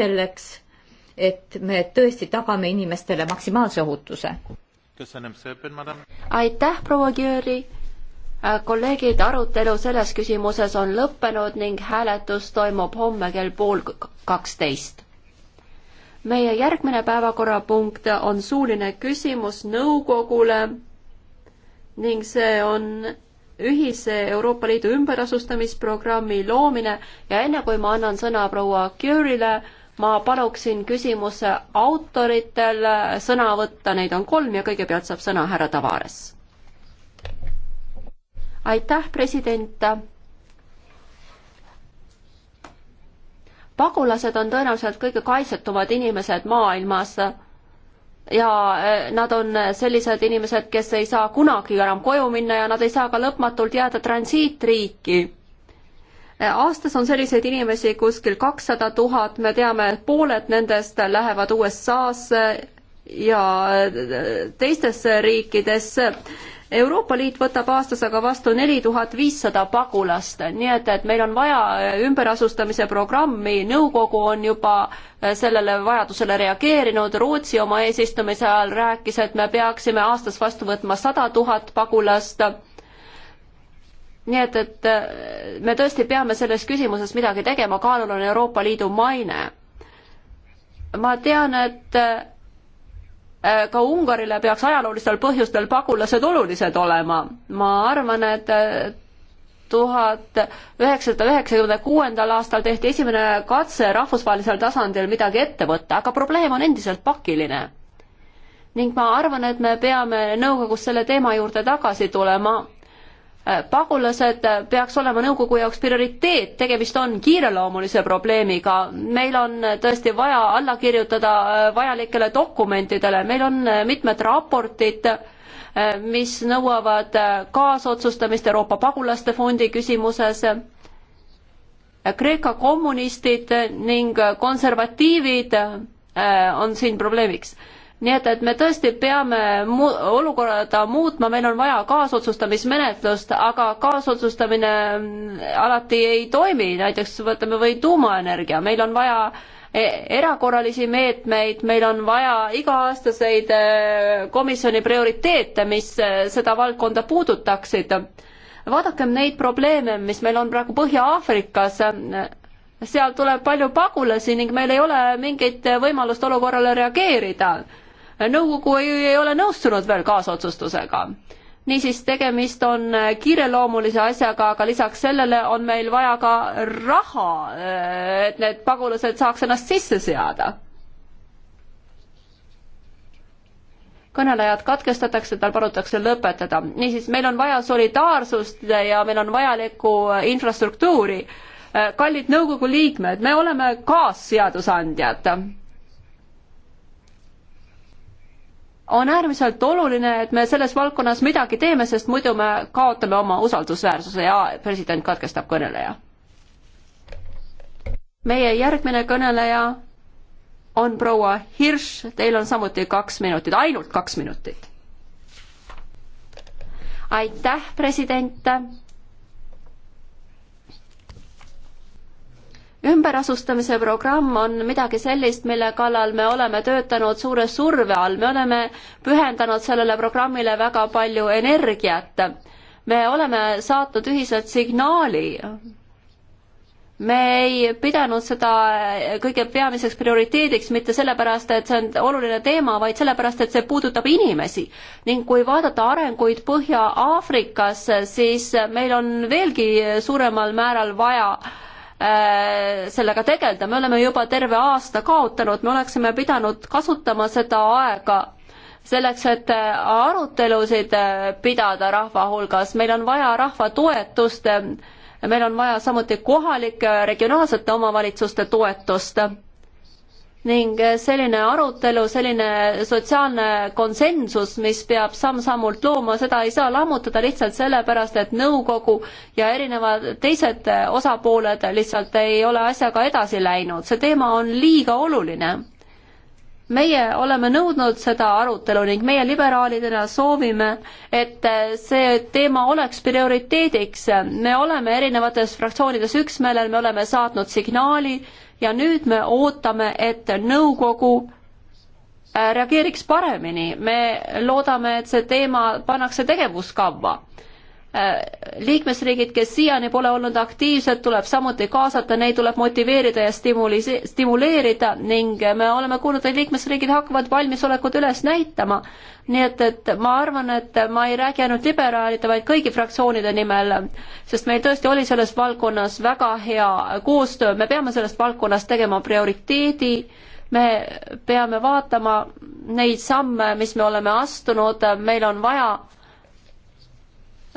selleks, et me tõesti tagame inimestele maksimaalse ohutuse. aitäh, proua Jüri! Äh, kolleegid, arutelu selles küsimuses on lõppenud ning hääletus toimub homme kell pool kaksteist. meie järgmine päevakorrapunkt on suuline küsimus nõukogule ning see on ühise Euroopa Liidu ümberasustamisprogrammi loomine ja enne kui ma annan sõna proua Curile, ma paluksin küsimuse autoritel sõna võtta, neid on kolm ja kõigepealt saab sõna härra Tavares. aitäh, president. pagulased on tõenäoliselt kõige kaitsetumad inimesed maailmas ja e, nad on sellised inimesed, kes ei saa kunagi enam koju minna ja nad ei saa ka lõpmatult jääda transiitriiki aastas on selliseid inimesi kuskil kakssada tuhat, me teame, et pooled nendest lähevad USA-sse ja teistesse riikidesse. Euroopa Liit võtab aastas aga vastu neli tuhat viissada pagulast, nii et, et meil on vaja ümberasustamise programmi, nõukogu on juba sellele vajadusele reageerinud, Rootsi oma eesistumise ajal rääkis, et me peaksime aastas vastu võtma sada tuhat pagulast nii et, et äh, me tõesti peame selles küsimuses midagi tegema, kaalul on Euroopa Liidu maine. ma tean, et äh, ka Ungarile peaks ajaloolistel põhjustel pagulased olulised olema. ma arvan, et äh, tuhat üheksasada üheksakümne kuuendal aastal tehti esimene katse rahvusvahelisel tasandil midagi ette võtta, aga probleem on endiselt pakiline. ning ma arvan, et me peame nõukogus selle teema juurde tagasi tulema Äh, pagulased äh, peaks olema nõukogu jaoks prioriteet, tegemist on kiireloomulise probleemiga, meil on äh, tõesti vaja alla kirjutada vajalikele dokumentidele, meil on mitmed raportid, mis nõuavad kaasotsustamist Euroopa pagulaste fondi küsimuses Kreeka kommunistid ning konservatiivid on siin probleemiks nii et, et me tõesti peame mu-, olukorda muutma, meil on vaja kaasotsustamismenetlust, aga kaasotsustamine mm, alati ei toimi, näiteks võtame või tuumaenergia, meil on vaja e, erakorralisi meetmeid, meil on vaja iga-aastaseid e, komisjoni prioriteete, mis e, seda valdkonda puudutaksid. vaadakem neid probleeme, mis meil on praegu Põhja-Aafrikas, seal tuleb palju pagulasi ning meil ei ole mingit võimalust olukorrale reageerida nõukogu ei, ei ole nõustunud veel kaasotsustusega. niisiis, tegemist on kiireloomulise asjaga, aga lisaks sellele on meil vaja ka raha, et need pagulased saaks ennast sisse seada kõnelejad katkestatakse, tal palutakse lõpetada. niisiis, meil on vaja solidaarsust ja meil on vajalikku infrastruktuuri. kallid nõukogu liikmed, me oleme kaasseadusandjad on äärmiselt oluline, et me selles valdkonnas midagi teeme, sest muidu me kaotame oma usaldusväärsuse ja president katkestab kõneleja. meie järgmine kõneleja on proua Hirš, teil on samuti kaks minutit, ainult kaks minutit. aitäh, president ümberasustamise programm on midagi sellist, mille kallal me oleme töötanud suure surve all, me oleme pühendanud sellele programmile väga palju energiat. me oleme saatnud ühiselt signaali. me ei pidanud seda kõige peamiseks prioriteediks mitte sellepärast, et see on oluline teema, vaid sellepärast, et see puudutab inimesi. ning kui vaadata arenguid Põhja-Aafrikas, siis meil on veelgi suuremal määral vaja äh, Äh, sellega tegeleda, me oleme juba terve aasta kaotanud, me oleksime pidanud kasutama seda aega selleks, et äh, arutelusid äh, pidada rahva hulgas, meil on vaja rahva toetust, meil on vaja samuti kohalike regionaalsete omavalitsuste toetust ning eh, selline arutelu, selline sotsiaalne konsensus, mis peab samm-sammult looma, seda ei saa lammutada lihtsalt sellepärast, et nõukogu ja erinevad teised eh, osapooled lihtsalt ei ole asjaga edasi läinud, see teema on liiga oluline meie oleme nõudnud seda arutelu ning meie liberaalidena soovime, et eh, see teema oleks prioriteediks. me oleme erinevates fraktsioonides üksmeelel, me oleme saatnud signaali ja nüüd me ootame, et nõukogu äh, reageeriks paremini, me loodame, et see teema pannakse tegevuskavva Äh, liikmesriigid, kes siiani pole olnud aktiivsed, tuleb samuti kaasata, neid tuleb motiveerida ja stimuli-, stimuleerida ning me oleme kuulnud, et liikmesriigid hakkavad valmisolekut üles näitama. nii et, et ma arvan, et ma ei räägi ainult liberaalide, vaid kõigi fraktsioonide nimel, sest meil tõesti oli selles valdkonnas väga hea koostöö, me peame selles valdkonnas tegema prioriteedi, me peame vaatama neid samme, mis me oleme astunud, meil on vaja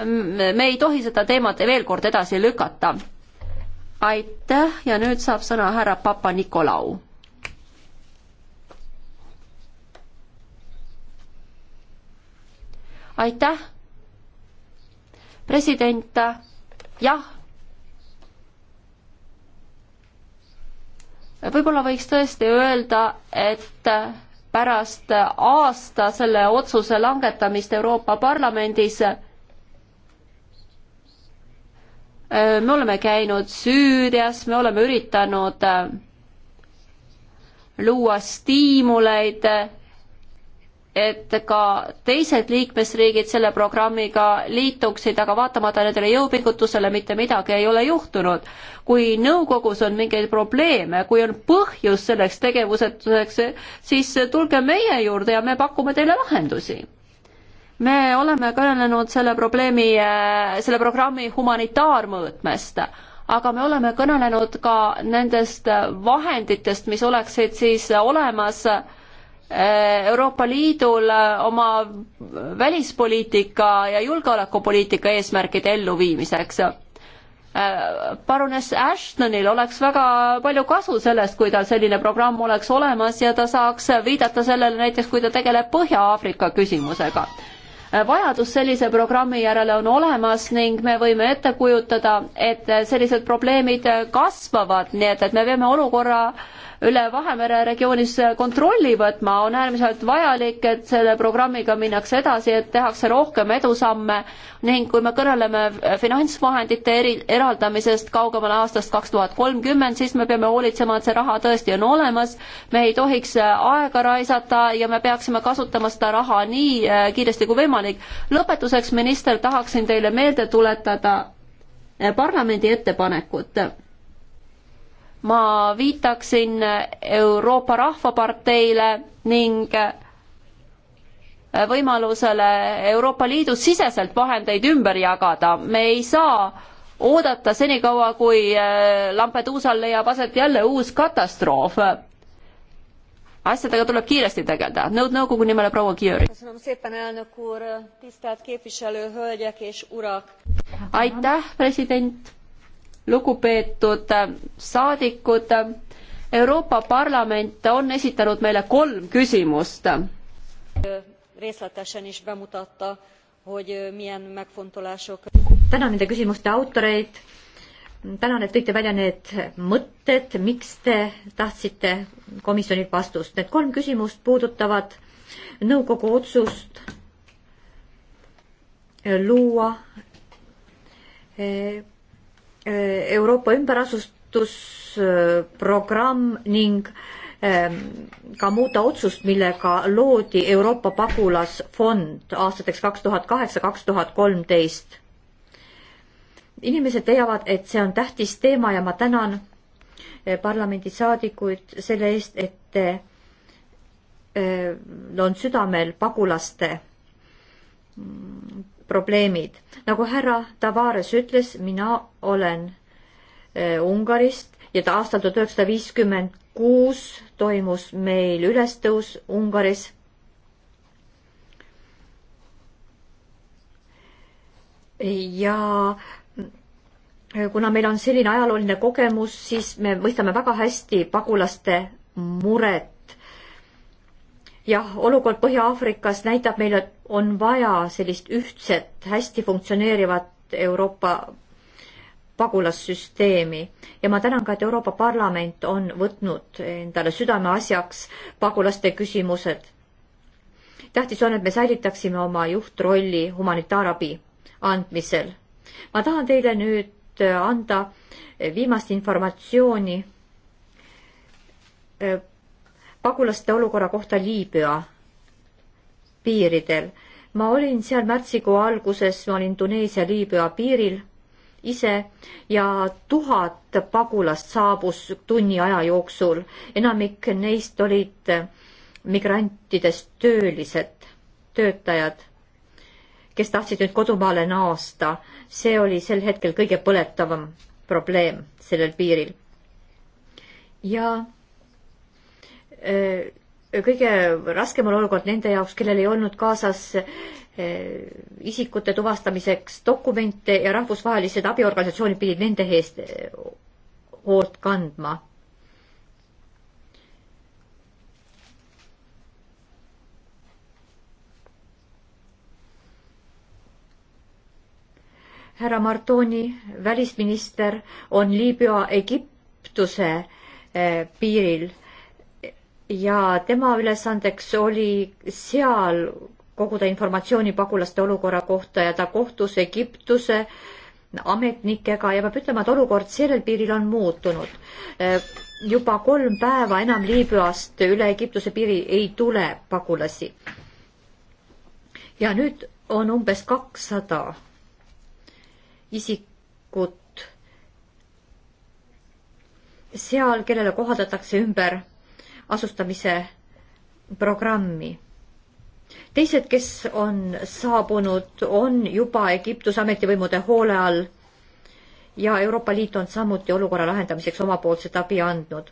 me ei tohi seda teemat veel kord edasi lükata. aitäh ja nüüd saab sõna härra Papa-Nikolau. aitäh, president, jah. võib-olla võiks tõesti öelda, et pärast aasta selle otsuse langetamist Euroopa Parlamendis Äh, me oleme käinud Süürias, me oleme üritanud äh, luua stiimuleid, äh, et ka teised liikmesriigid selle programmiga liituksid, aga vaatamata nendele jõupingutusele mitte midagi ei ole juhtunud. kui nõukogus on mingeid probleeme, kui on põhjus selleks tegevusetuseks, siis tulge meie juurde ja me pakume teile lahendusi me oleme kõnelenud selle probleemi, äh, selle programmi humanitaarmõõtmest, aga me oleme kõnelenud ka nendest vahenditest, mis oleksid siis olemas äh, Euroopa Liidul oma välispoliitika ja julgeolekupoliitika eesmärkide elluviimiseks äh, paruness Ashtonil oleks väga palju kasu sellest, kui tal selline programm oleks olemas ja ta saaks viidata sellele näiteks, kui ta tegeleb Põhja-Aafrika küsimusega. Äh, vajadus sellise programmi järele on olemas ning me võime ette kujutada, et sellised probleemid äh, kasvavad, nii et, et me peame olukorra äh, üle Vahemere regioonis kontrolli võtma, on äärmiselt vajalik, et selle programmiga minnakse edasi, et tehakse rohkem edusamme ning kui me kõneleme finantsvahendite eri, eraldamisest kaugemale aastast kaks tuhat kolmkümmend, siis me peame hoolitsema, et see raha tõesti on olemas, me ei tohiks aega raisata ja me peaksime kasutama seda raha nii äh, kiiresti kui võimalik. lõpetuseks, minister, tahaksin teile meelde tuletada äh, parlamendi ettepanekut ma viitaksin Euroopa Rahvaparteile ning võimalusele Euroopa Liidu siseselt vahendeid ümber jagada. me ei saa oodata senikaua, kui äh, Lampeduusal leiab aset jälle uus katastroof. asjadega tuleb kiiresti tegeleda. nõud nõukogu nimele proua Kiöri. aitäh, president lugupeetud saadikud, Euroopa Parlament on esitanud meile kolm küsimust. tänan nende küsimuste autoreid, tänan, et tõite välja need mõtted, miks te tahtsite komisjonilt vastust. Need kolm küsimust puudutavad nõukogu otsust luua eh, Euroopa ümberasustusprogramm ning ähm, ka muuta otsust, millega loodi Euroopa pagulasfond aastateks kaks tuhat kaheksa, kaks tuhat kolmteist. inimesed teavad, et see on tähtis teema ja ma tänan äh, parlamendisaadikuid selle eest, et te äh, on südamel pagulaste mm, probleemid. nagu härra Tavares ütles, mina olen äh, Ungarist ja aastal tuhat üheksasada viiskümmend kuus toimus meil ülestõus Ungaris. ja kuna meil on selline ajalooline kogemus, siis me mõistame väga hästi pagulaste muret jah, olukord Põhja-Aafrikas näitab meile, et on vaja sellist ühtset, hästi funktsioneerivat Euroopa pagulassüsteemi ja ma tänan ka, et Euroopa Parlament on võtnud endale südameasjaks pagulaste küsimused. tähtis on, et me säilitaksime oma juhtrolli humanitaarabi andmisel. ma tahan teile nüüd anda viimast informatsiooni pagulaste olukorra kohta Liibüa piiridel. ma olin seal märtsikuu alguses, ma olin Tuneesia-Liibüa piiril ise ja tuhat pagulast saabus tunni aja jooksul, enamik neist olid migrantidest töölised, töötajad, kes tahtsid nüüd kodumaale naasta. see oli sel hetkel kõige põletavam probleem sellel piiril. ja Äh, kõige raskem on olukord nende jaoks, kellel ei olnud kaasas äh, isikute tuvastamiseks dokumente ja rahvusvahelised abiorganisatsioonid pidid nende eest äh, hoolt kandma. härra Martoni välisminister on Liibüa Egiptuse piiril ja tema ülesandeks oli seal koguda informatsiooni pagulaste olukorra kohta ja ta kohtus Egiptuse ametnikega ja peab ütlema, et olukord sellel piiril on muutunud. juba kolm päeva enam Liibüast üle Egiptuse piiri ei tule pagulasi. ja nüüd on umbes kakssada isikut seal, kellele kohaldatakse ümber asustamise programmi. teised, kes on saabunud, on juba Egiptuse ametivõimude hoole all ja Euroopa Liit on samuti olukorra lahendamiseks omapoolset abi andnud.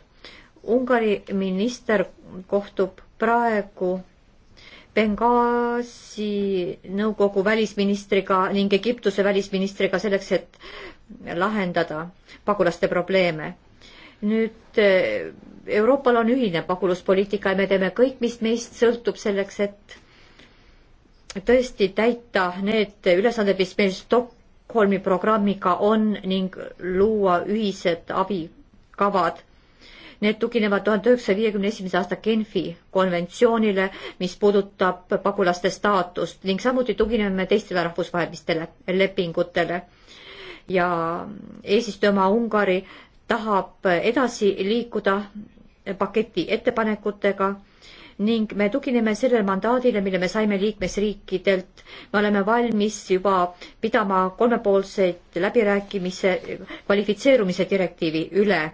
Ungari minister kohtub praegu Benghazi nõukogu välisministriga ning Egiptuse välisministriga selleks, et lahendada pagulaste probleeme nüüd eh, Euroopal on ühine pagulaspoliitika ja me teeme kõik, mis meist sõltub selleks, et tõesti täita need ülesanded, mis meil Stockholmi programmiga on ning luua ühised abikavad. Need tuginevad tuhande üheksasaja viiekümne esimese aasta Genfi konventsioonile, mis puudutab pagulaste staatust ning samuti tugineme teistele rahvusvahelistele lepingutele ja eesistuja oma Ungari tahab edasi liikuda paketi ettepanekutega ning me tugineme sellele mandaadile, mille me saime liikmesriikidelt. me oleme valmis juba pidama kolmepoolseid läbirääkimise kvalifitseerumise direktiivi üle.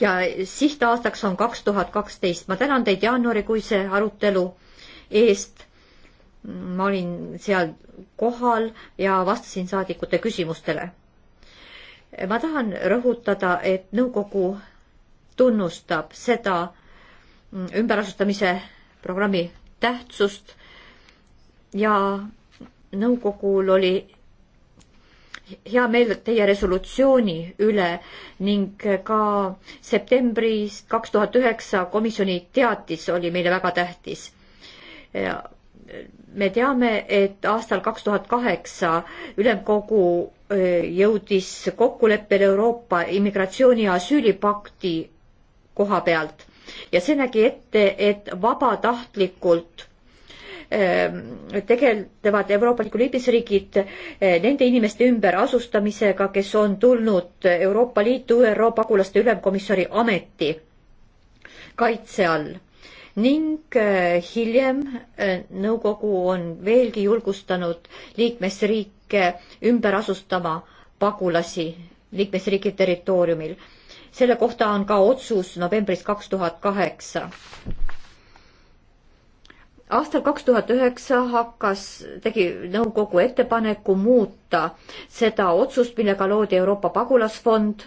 ja sihtaastaks on kaks tuhat kaksteist. ma tänan teid jaanuarikuise arutelu eest. ma olin seal kohal ja vastasin saadikute küsimustele ma tahan rõhutada, et nõukogu tunnustab seda ümberasustamise programmi tähtsust ja nõukogul oli hea meel teie resolutsiooni üle ning ka septembris kaks tuhat üheksa komisjoni teatis oli meile väga tähtis me teame, et aastal kaks tuhat kaheksa ülemkogu jõudis kokkuleppele Euroopa immigratsiooni ja asüülipakti koha pealt ja see nägi ette, et vabatahtlikult tegelevad Euroopa Liidu liikmesriigid nende inimeste ümberasustamisega, kes on tulnud Euroopa Liitu ÜRO pagulaste ülemkomissari ameti kaitse all ning äh, hiljem äh, nõukogu on veelgi julgustanud liikmesriike ümber asustama pagulasi liikmesriigi territooriumil. selle kohta on ka otsus novembris kaks tuhat kaheksa. aastal kaks tuhat üheksa hakkas, tegi nõukogu ettepaneku muuta seda otsust, millega loodi Euroopa pagulasfond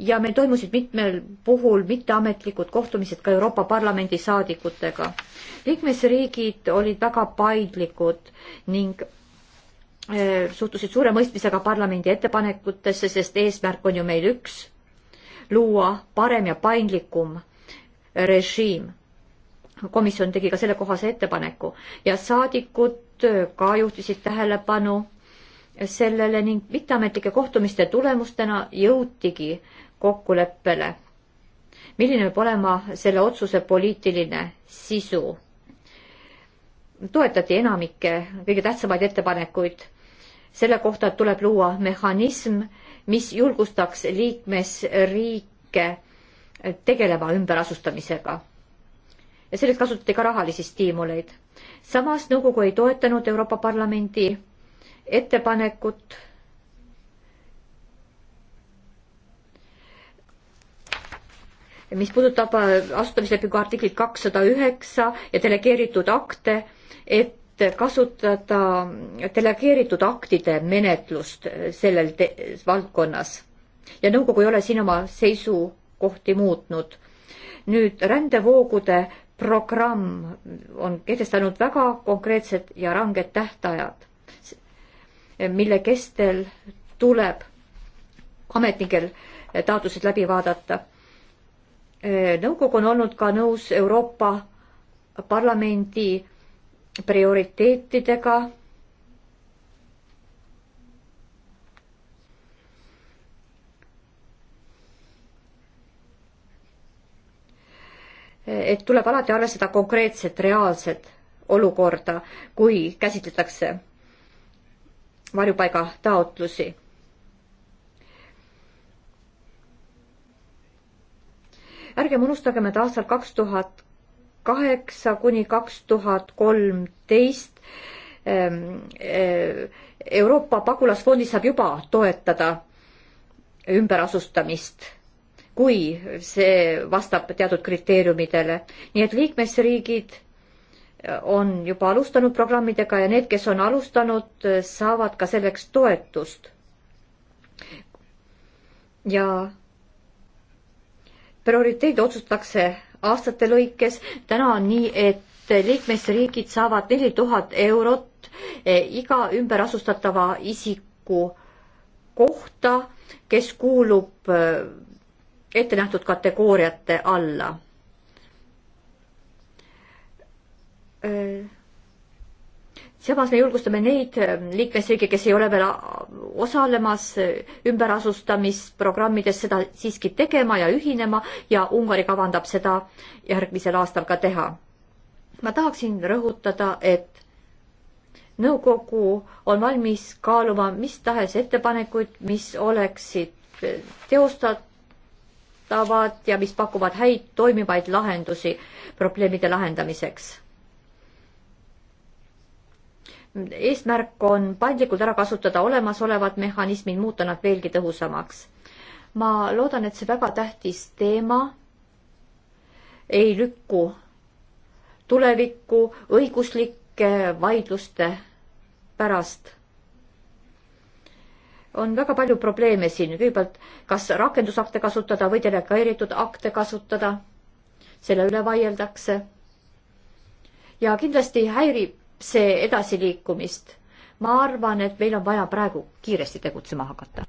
ja meil toimusid mitmel puhul mitteametlikud kohtumised ka Euroopa Parlamendi saadikutega. liikmesriigid olid väga paindlikud ning eh, suhtusid suure mõistmisega parlamendi ettepanekutesse, sest eesmärk on ju meil üks, luua parem ja paindlikum režiim. komisjon tegi ka sellekohase ettepaneku ja saadikud eh, ka juhtisid tähelepanu sellele ning mitteametlike kohtumiste tulemustena jõutigi kokkuleppele. milline peab olema selle otsuse poliitiline sisu? toetati enamikke kõige tähtsamaid ettepanekuid. selle kohta tuleb luua mehhanism, mis julgustaks liikmesriike tegelema ümberasustamisega. ja selleks kasutati ka rahalisi stiimuleid. samas nõukogu ei toetanud Euroopa Parlamendi ettepanekut mis puudutab äh, asutamislepingu artiklit kakssada üheksa ja delegeeritud akte, et kasutada delegeeritud aktide menetlust äh, sellel valdkonnas. ja nõukogu ei ole siin oma seisukohti muutnud. nüüd rändevoogude programm on kehtestanud väga konkreetsed ja ranged tähtajad, mille kestel tuleb ametnikel äh, taotlused läbi vaadata Eh, nõukogu on olnud ka nõus Euroopa Parlamendi prioriteetidega. Eh, et tuleb alati arvestada konkreetset reaalset olukorda, kui käsitletakse varjupaiga taotlusi ärgem unustagem, et aastal kaks tuhat kaheksa kuni kaks tuhat kolmteist ähm, äh, Euroopa pagulasfondis saab juba toetada ümberasustamist, kui see vastab teatud kriteeriumidele. nii et liikmesriigid äh, on juba alustanud programmidega ja need, kes on alustanud, äh, saavad ka selleks toetust. ja prioriteed otsustatakse aastate lõikes, täna on nii, et liikmesriigid saavad neli tuhat eurot eh, iga ümberasustatava isiku kohta, kes kuulub eh, ettenähtud kategooriate alla eh, samas me julgustame neid äh, liikmesriike, kes ei ole veel äh, osalemas äh, ümberasustamisprogrammides, seda siiski tegema ja ühinema ja Ungari kavandab seda järgmisel aastal ka teha. ma tahaksin rõhutada, et nõukogu on valmis kaaluma mis tahes ettepanekuid, mis oleksid teostatavad ja mis pakuvad häid toimivaid lahendusi probleemide lahendamiseks eesmärk on paindlikult ära kasutada olemasolevad mehhanismid, muuta nad veelgi tõhusamaks. ma loodan, et see väga tähtis teema ei lükku tulevikku õiguslike vaidluste pärast. on väga palju probleeme siin, kõigepealt kas rakendusakte kasutada või delegeeritud akte kasutada, selle üle vaieldakse. ja kindlasti häirib see edasiliikumist. ma arvan, et meil on vaja praegu kiiresti tegutsema hakata.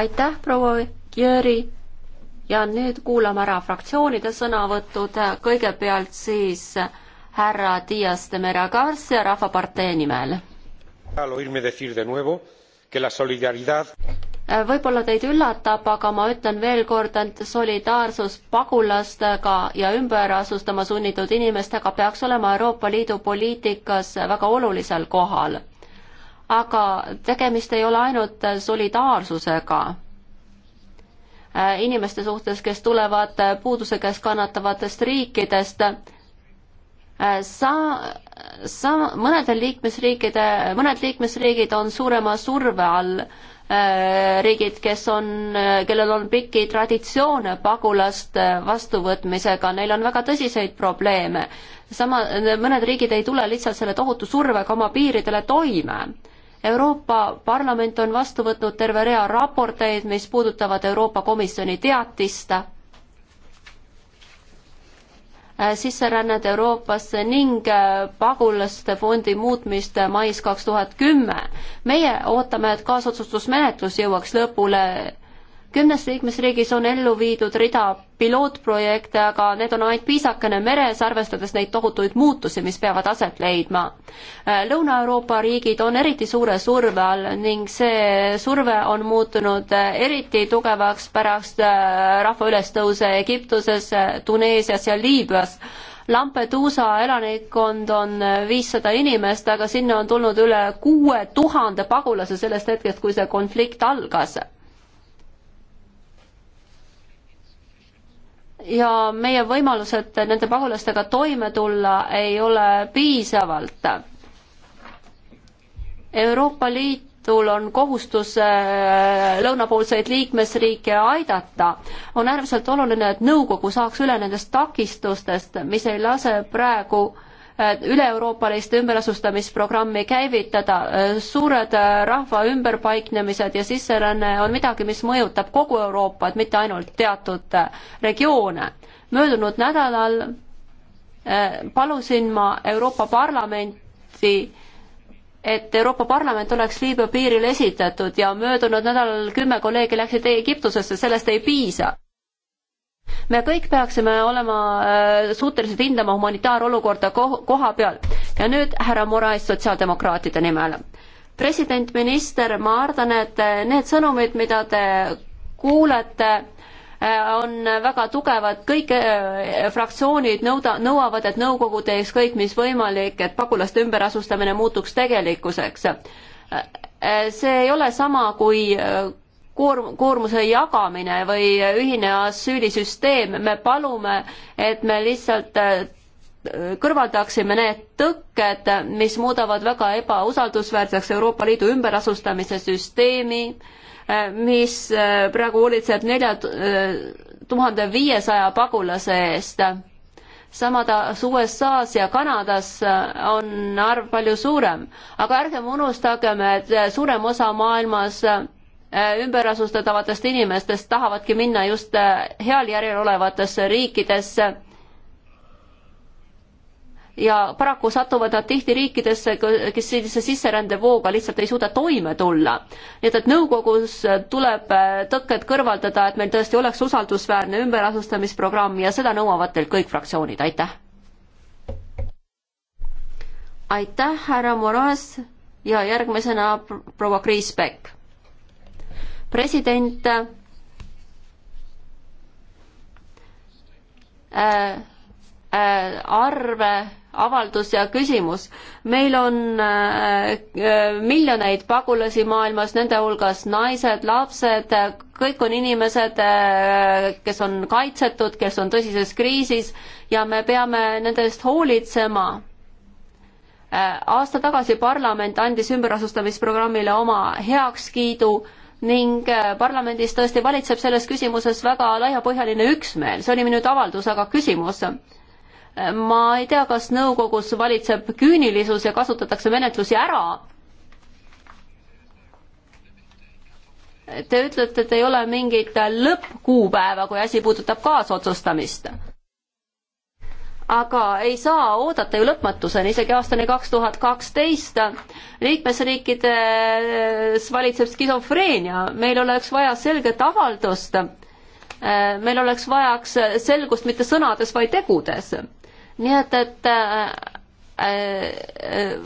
aitäh, proua Jüri ja nüüd kuulame ära fraktsioonide sõnavõtud, kõigepealt siis härra Dias de Meragarcia Rahvapartei nimel võib-olla teid üllatab, aga ma ütlen veel kord, et solidaarsus pagulastega ja ümber asustama sunnitud inimestega peaks olema Euroopa Liidu poliitikas väga olulisel kohal. aga tegemist ei ole ainult solidaarsusega inimeste suhtes, kes tulevad puuduse käest kannatavatest riikidest, sa-, sa-, mõnedel liikmesriikide, mõned liikmesriigid on suurema surve all Äh, riigid, kes on, äh, kellel on pikki traditsioone pagulaste vastuvõtmisega, neil on väga tõsiseid probleeme. sama, mõned riigid ei tule lihtsalt selle tohutu survega oma piiridele toime. Euroopa Parlament on vastu võtnud terve rea raporteid, mis puudutavad Euroopa Komisjoni teatist Äh, sisserännet Euroopasse ning äh, pagulaste fondi muutmist äh, mais kaks tuhat kümme. meie ootame, et kaasotsustusmenetlus jõuaks lõpule kümnes liikmesriigis on ellu viidud rida pilootprojekte, aga need on ainult piisakene meres, arvestades neid tohutuid muutusi, mis peavad aset leidma. Äh, Lõuna-Euroopa riigid on eriti suure surve all ning see surve on muutunud äh, eriti tugevaks pärast äh, rahva ülestõuse Egiptuses, Tuneesias ja Liibüas Lampeduusa elanikkond on viissada inimest, aga sinna on tulnud üle kuue tuhande pagulase sellest hetkest, kui see konflikt algas ja meie võimalused nende pagulastega toime tulla ei ole piisavalt. Euroopa Liidul on kohustus äh, lõunapoolseid liikmesriike aidata. on äärmiselt oluline, et nõukogu saaks üle nendest takistustest, mis ei lase praegu äh, üle-euroopalist ümberasustamisprogrammi käivitada. suured äh, rahva ümberpaiknemised ja sisseränne on midagi, mis mõjutab kogu Euroopat, mitte ainult teatud äh, regioone. möödunud nädalal äh, palusin ma Euroopa Parlamenti et Euroopa Parlament oleks Liibüa piiril esitatud ja möödunud nädalal kümme kolleegi läksid Egiptusesse, sellest ei piisa me kõik peaksime olema äh, suutelised hindama humanitaarolukorda koha peal ja nüüd härra Moraes sotsiaaldemokraatide nimel. president, minister, ma arvan, et äh, need sõnumid, mida te kuulete, äh, on väga tugevad, kõik fraktsioonid nõuda, nõuavad, et nõukogu teeks kõik, mis võimalik, et pagulaste ümberasustamine muutuks tegelikkuseks see ei ole sama, kui koorm-, koormuse jagamine või ühine asüülisüsteem, me palume, et me lihtsalt äh, kõrvaldaksime need tõkked, mis muudavad väga ebausaldusväärseks Euroopa Liidu ümberasustamise süsteemi, äh, mis äh, praegu hoolitseb nelja tuhande viiesaja pagulase eest. samataas USA-s ja Kanadas on arv palju suurem, aga ärgem unustagem, et suurem osa maailmas Äh, ümberasustatavatest inimestest tahavadki minna just äh, heal järjel olevatesse riikidesse. ja paraku satuvad nad tihti riikidesse, kes sellise sisserändevooga lihtsalt ei suuda toime tulla. nii et, et nõukogus tuleb äh, tõkked kõrvaldada, et meil tõesti oleks usaldusväärne ümberasustamisprogramm ja seda nõuavad teilt kõik fraktsioonid, aitäh. aitäh, härra Moraes ja järgmisena proua Kriis Pekk president äh, äh, arve, avaldus ja küsimus. meil on äh, äh, miljoneid pagulasi maailmas, nende hulgas naised, lapsed, kõik on inimesed, äh, kes on kaitsetud, kes on tõsises kriisis ja me peame nende eest hoolitsema äh, aasta tagasi parlament andis ümberasustamisprogrammile oma heakskiidu ning äh, parlamendis tõesti valitseb selles küsimuses väga laiapõhjaline üksmeel, see oli nüüd avaldus, aga küsimus. ma ei tea, kas nõukogus valitseb küünilisus ja kasutatakse menetlusi ära, Te ütlete, et ei ole mingit lõppkuupäeva, kui asi puudutab kaasotsustamist aga ei saa oodata ju lõpmatuseni, isegi aastani kaks tuhat kaksteist liikmesriikides valitseb skisofreenia, meil oleks vaja selget avaldust, meil oleks vajaks selgust mitte sõnades, vaid tegudes. nii et, et äh,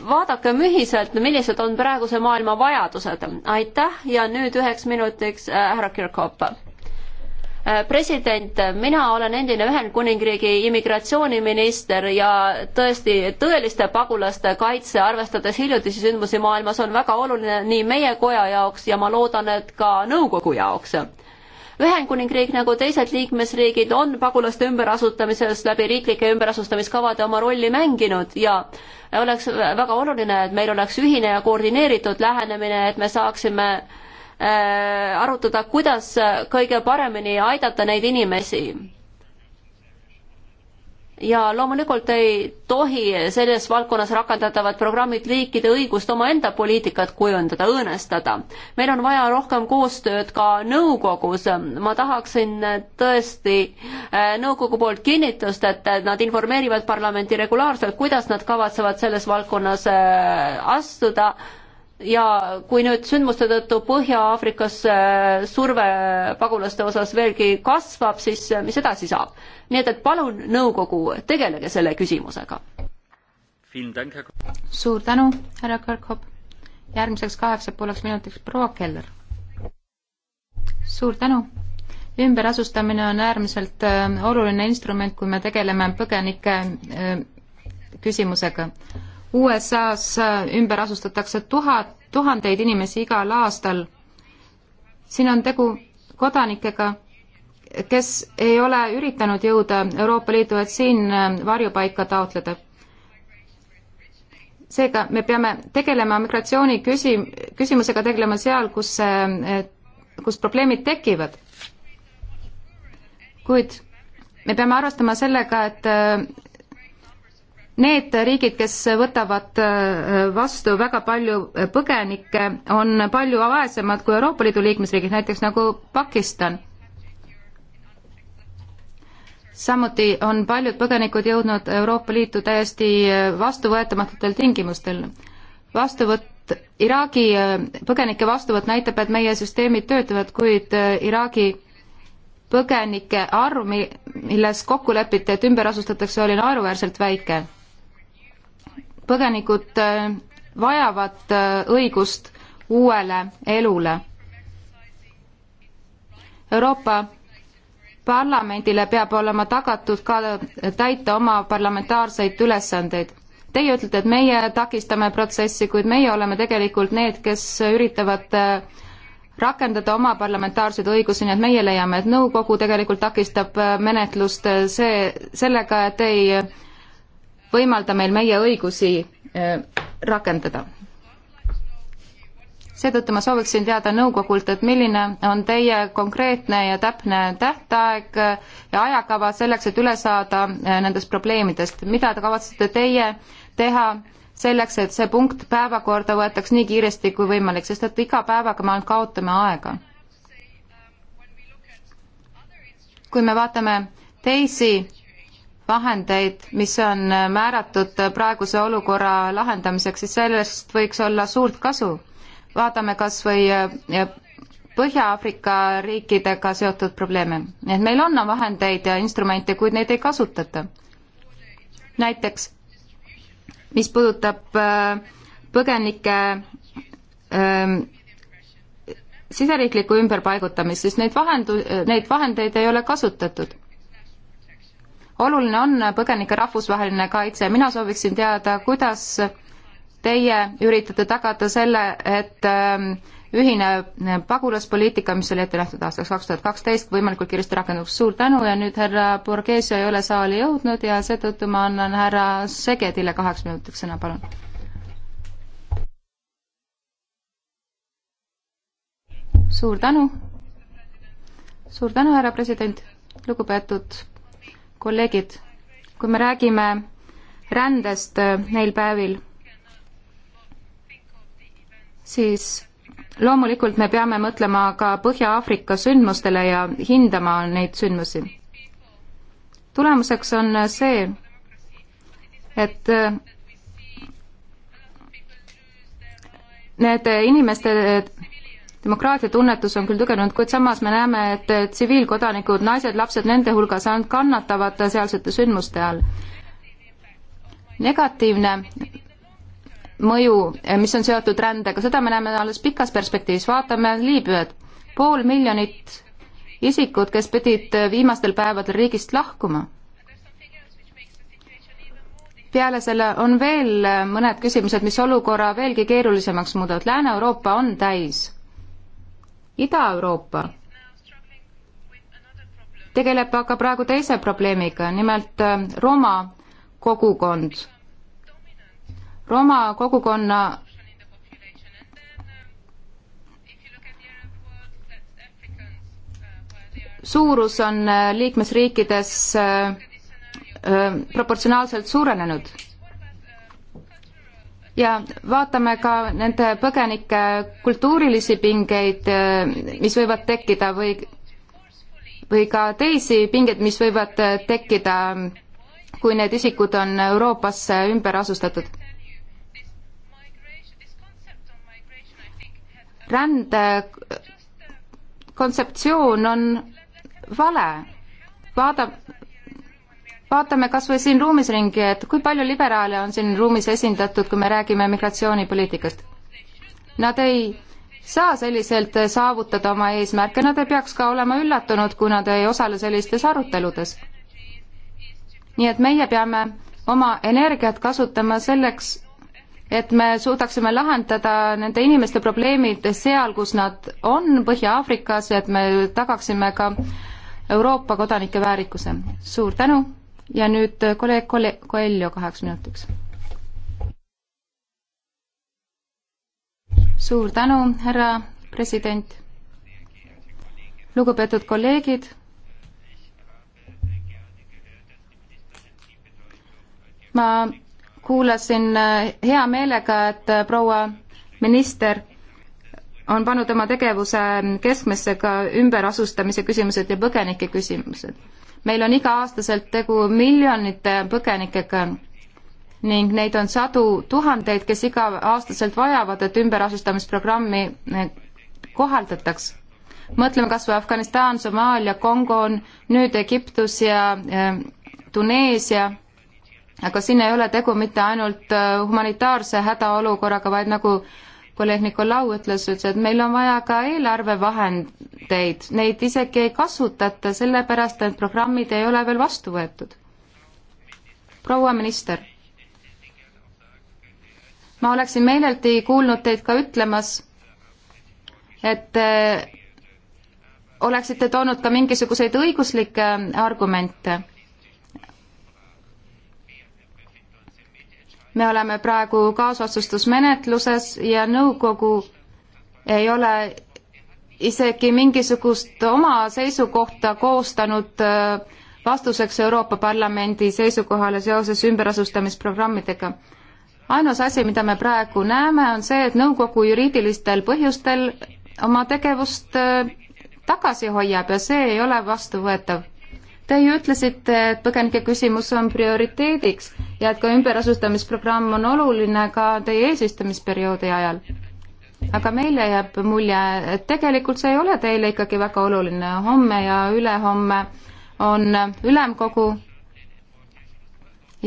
vaadakem ühiselt, millised on praeguse maailma vajadused. aitäh ja nüüd üheks minutiks äh, härra Kirkhoop Äh, president, mina olen endine Ühendkuningriigi immigratsiooniminister ja tõesti tõeliste pagulaste kaitse, arvestades hiljutisi sündmusi maailmas, on väga oluline nii meie koja jaoks ja ma loodan, et ka nõukogu jaoks. Ühendkuningriik nagu teised liikmesriigid on pagulaste ümberasutamises läbi riiklike ümberasustamiskavade oma rolli mänginud ja oleks väga oluline, et meil oleks ühine ja koordineeritud lähenemine, et me saaksime äh, Äh, arutada, kuidas kõige paremini aidata neid inimesi ja loomulikult ei tohi selles valdkonnas rakendatavad programmid riikide õigust omaenda poliitikat kujundada, õõnestada. meil on vaja rohkem koostööd ka nõukogus, ma tahaksin tõesti äh, nõukogu poolt kinnitust, et nad informeerivad parlamenti regulaarselt, kuidas nad kavatsevad selles valdkonnas äh, astuda ja kui nüüd sündmuste tõttu Põhja-Aafrikas äh, surve pagulaste osas veelgi kasvab, siis äh, mis edasi saab? nii et, et palun, nõukogu, tegelege selle küsimusega. suur tänu, härra Kõrghopp. järgmiseks kaheks ja pooleks minutiks proua Keller. suur tänu. ümberasustamine on äärmiselt äh, oluline instrument, kui me tegeleme põgenike küsimusega USA-s äh, ümber asustatakse tuhat, tuhandeid inimesi igal aastal. siin on tegu kodanikega, kes ei ole üritanud jõuda Euroopa Liidu, et siin äh, varjupaika taotleda. seega me peame tegelema migratsiooni küsi-, küsimusega tegelema seal, kus see, äh, kus probleemid tekivad. kuid me peame arvestama sellega, et Need riigid, kes võtavad äh, vastu väga palju äh, põgenikke, on palju vaesemad kui Euroopa Liidu liikmesriigid, näiteks nagu Pakistan. samuti on paljud põgenikud jõudnud Euroopa Liitu täiesti äh, vastuvõetamatutel tingimustel. vastuvõtt, Iraagi põgenike vastuvõtt näitab, et meie süsteemid töötavad, kuid Iraagi põgenike arv, milles kokku lepiti, et ümber asustatakse, oli naeruväärselt väike põgenikud äh, vajavad äh, õigust uuele elule. Euroopa Parlamendile peab olema tagatud ka täita oma parlamentaarseid ülesandeid. Teie ütlete, et meie takistame protsessi, kuid meie oleme tegelikult need, kes üritavad äh, rakendada oma parlamentaarseid õigusi, nii et meie leiame, et nõukogu tegelikult takistab menetlust see, sellega, et ei võimalda meil meie õigusi äh, rakendada. seetõttu ma sooviksin teada nõukogult, et milline on teie konkreetne ja täpne tähtaeg ja ajakava selleks, et üle saada äh, nendest probleemidest, mida te kavatsete teie teha selleks, et see punkt päevakorda võetaks nii kiiresti kui võimalik, sest et iga päevaga me ainult kaotame aega. kui me vaatame teisi vahendeid, mis on määratud praeguse olukorra lahendamiseks, siis sellest võiks olla suurt kasu. vaatame kas või Põhja-Aafrika riikidega seotud probleeme. et meil on vahendeid ja instrumente, kuid neid ei kasutata. näiteks, mis puudutab äh, põgenike ähm, siseriiklikku ümberpaigutamist, siis neid vahendu-, neid vahendeid ei ole kasutatud oluline on põgenike rahvusvaheline kaitse. mina sooviksin teada, kuidas teie üritate tagada selle, et ähm, ühine äh, pagulaspoliitika, mis oli ette nähtud aastaks kaks tuhat kaksteist, võimalikult kiiresti rakenduks. suur tänu ja nüüd härra Borghese ei ole saali jõudnud ja seetõttu ma annan härra Segedile kaheks minutiks sõna, palun. suur tänu. suur tänu, härra president, lugupeetud kolleegid, kui me räägime rändest äh, neil päevil, siis loomulikult me peame mõtlema ka Põhja-Aafrika sündmustele ja hindama neid sündmusi. tulemuseks on äh, see, et äh, need inimeste demokraatia tunnetus on küll tugevnenud, kuid samas me näeme, et tsiviilkodanikud, naised, lapsed, nende hulgas ainult kannatavad sealsete sündmuste all. negatiivne mõju, mis on seotud rändega, seda me näeme alles pikas perspektiivis, vaatame Liibüat. pool miljonit isikut, kes pidid viimastel päevadel riigist lahkuma. peale selle on veel mõned küsimused, mis olukorra veelgi keerulisemaks muudavad. Lääne-Euroopa on täis Ida-Euroopa tegeleb aga praegu teise probleemiga, nimelt äh, Roma kogukond. Roma kogukonna suurus on äh, liikmesriikides äh, proportsionaalselt suurenenud ja vaatame ka nende põgenike kultuurilisi pingeid, äh, mis võivad tekkida või, või ka teisi pingeid, mis võivad äh, tekkida, kui need isikud on Euroopasse ümber asustatud. rände kontseptsioon on vale. vaada, vaatame kas või siin ruumis ringi, et kui palju liberaale on siin ruumis esindatud, kui me räägime migratsioonipoliitikast. Nad ei saa selliselt saavutada oma eesmärke, nad ei peaks ka olema üllatunud, kui nad ei osale sellistes aruteludes. nii et meie peame oma energiat kasutama selleks, et me suudaksime lahendada nende inimeste probleemid seal, kus nad on, Põhja-Aafrikas, et me tagaksime ka Euroopa kodanike väärikuse. suur tänu! ja nüüd äh, kolleeg Coelho kaheks minutiks. suur tänu, härra president. lugupeetud kolleegid. ma kuulasin äh, hea meelega, et äh, proua minister on pannud oma tegevuse mm, keskmesse ka ümberasustamise küsimused ja põgenike küsimused meil on iga-aastaselt tegu miljonite põgenikega ning neid on sadu tuhandeid, kes iga-aastaselt vajavad, et ümberasustamisprogrammi eh, kohaldataks. mõtleme kas või Afganistan, Somaalia, Kongo on nüüd Egiptus ja eh, Tuneesia, aga siin ei ole tegu mitte ainult eh, humanitaarse hädaolukorraga, vaid nagu äh, kolleeg Nikolau ütles üldse, et meil on vaja ka eelarvevahendeid, neid isegi ei kasutata, sellepärast et programmid ei ole veel vastu võetud. proua minister, ma oleksin meeleldi kuulnud teid ka ütlemas, et äh, oleksite toonud ka mingisuguseid õiguslikke argumente me oleme praegu kaasotsustusmenetluses ja nõukogu ei ole isegi mingisugust oma seisukohta koostanud äh, vastuseks Euroopa Parlamendi seisukohale seoses ümberasustamisprogrammidega. ainus asi, mida me praegu näeme, on see, et nõukogu juriidilistel põhjustel oma tegevust äh, tagasi hoiab ja see ei ole vastuvõetav Te ju ütlesite, et põgenike küsimus on prioriteediks ja et ka ümberasustamisprogramm on oluline ka teie eesistumisperioodi ajal. aga meile jääb mulje, et tegelikult see ei ole teile ikkagi väga oluline. homme ja ülehomme on ülemkogu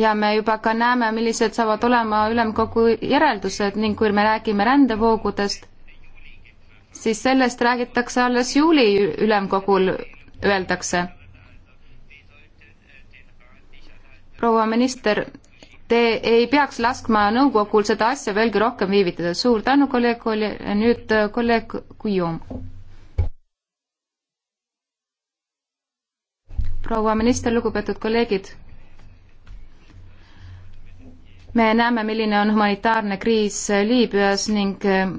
ja me juba ka näeme, millised saavad olema ülemkogu järeldused ning kui me räägime rändevoogudest, siis sellest räägitakse alles juuli ülemkogul, öeldakse proua minister, te ei peaks laskma nõukogul seda asja veelgi rohkem viivitada. suur tänu, kolleeg, nüüd äh, kolleeg Guillaume. proua minister, lugupeetud kolleegid. me näeme, milline on humanitaarne kriis äh, Liibüas ning äh,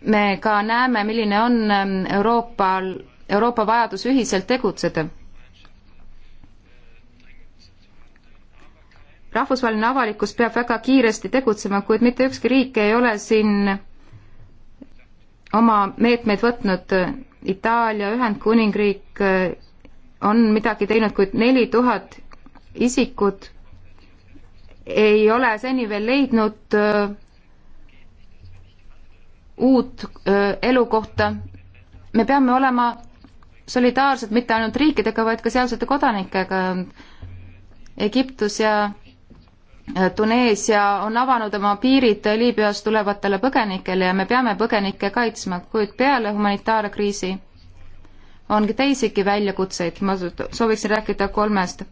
me ka näeme, milline on ähm, Euroopal, Euroopa vajadus ühiselt tegutseda rahvusvaheline avalikkus peab väga kiiresti tegutsema, kuid mitte ükski riik ei ole siin oma meetmeid võtnud. Itaalia, Ühendkuningriik äh, on midagi teinud, kuid neli tuhat isikut ei ole seni veel leidnud äh, uut äh, elukohta. me peame olema solidaarsed mitte ainult riikidega, vaid ka sealsete kodanikega. Egiptus ja Äh, Tuneesia on avanud oma piirid Liibüast tulevatele põgenikele ja me peame põgenikke kaitsma, kuid peale humanitaarkriisi on teisigi väljakutseid, ma sooviksin rääkida kolmest.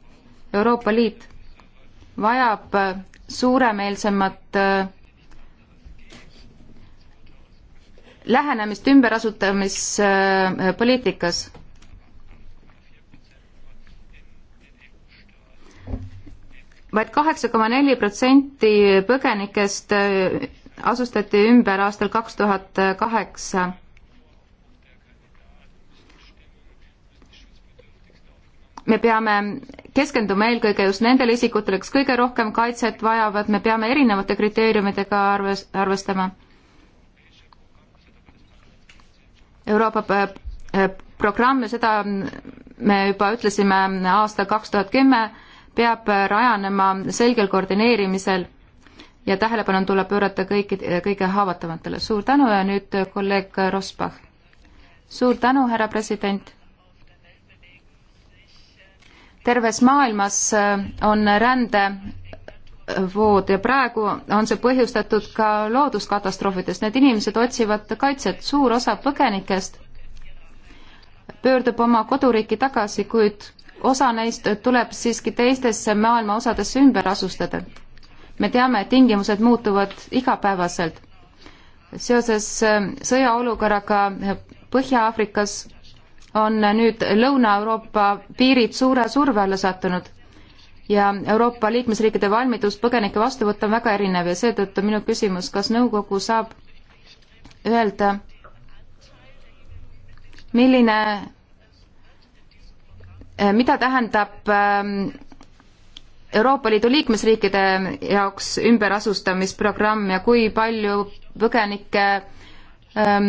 Euroopa Liit vajab äh, suuremeelsemat äh, lähenemist ümberasutamispoliitikas vaid kaheksa koma neli protsenti põgenikest äh, asustati ümber aastal kaks tuhat kaheksa. me peame keskenduma eelkõige just nendele isikutele, kes kõige rohkem kaitset vajavad, me peame erinevate kriteeriumidega arves, arvestama. Euroopa äh, programm ja seda me juba ütlesime aastal kaks tuhat kümme peab rajanema selgel koordineerimisel ja tähelepanu tuleb pöörata kõikide, kõige haavatavatele. suur tänu ja nüüd kolleeg Rosbach. suur tänu, härra president. terves maailmas on rändevood ja praegu on see põhjustatud ka looduskatastroofidest. Need inimesed otsivad kaitset, suur osa põgenikest pöördub oma koduriiki tagasi, kuid osa neist tuleb siiski teistesse maailma osadesse ümber asustada. me teame, et tingimused muutuvad igapäevaselt. seoses ähm, sõjaolukorraga Põhja-Aafrikas on nüüd Lõuna-Euroopa piirid suure surve alla sattunud ja Euroopa liikmesriikide valmidus põgenikke vastu võtta on väga erinev ja seetõttu minu küsimus, kas nõukogu saab öelda, milline Äh, mida tähendab ähm, Euroopa Liidu liikmesriikide jaoks ümberasustamisprogramm ja kui palju põgenikke ähm,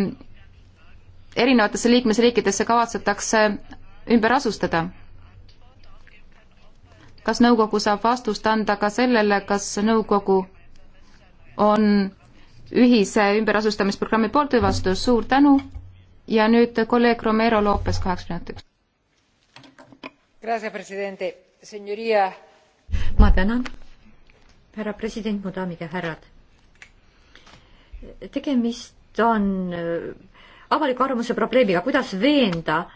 erinevatesse liikmesriikidesse kavatsetakse ümber asustada? kas nõukogu saab vastust anda ka sellele, kas nõukogu on ühise ümberasustamisprogrammi poolt või vastu? suur tänu ja nüüd kolleeg Romero Lopes kaheks minutiks ma tänan, härra president, mu daamid ja härrad. tegemist on äh, avaliku arvamuse probleemiga, kuidas veenda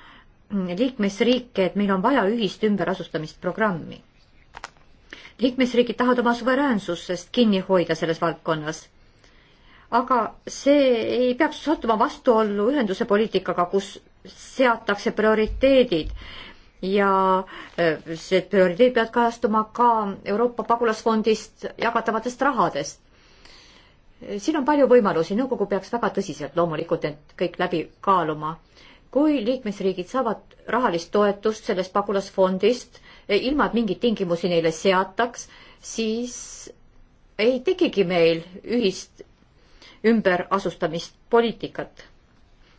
mm, liikmesriike, et meil on vaja ühist ümberasustamist programmi. liikmesriigid tahavad oma suveräänsusest kinni hoida selles valdkonnas. aga see ei peaks sattuma vastuollu ühenduse poliitikaga, kus seatakse prioriteedid ja äh, see prioriteet peab kajastuma ka Euroopa pagulasfondist jagatavatest rahadest. siin on palju võimalusi, nõukogu peaks väga tõsiselt loomulikult need kõik läbi kaaluma. kui liikmesriigid saavad rahalist toetust sellest pagulasfondist, eh, ilma et mingeid tingimusi neile seataks, siis ei tekigi meil ühist ümberasustamist, poliitikat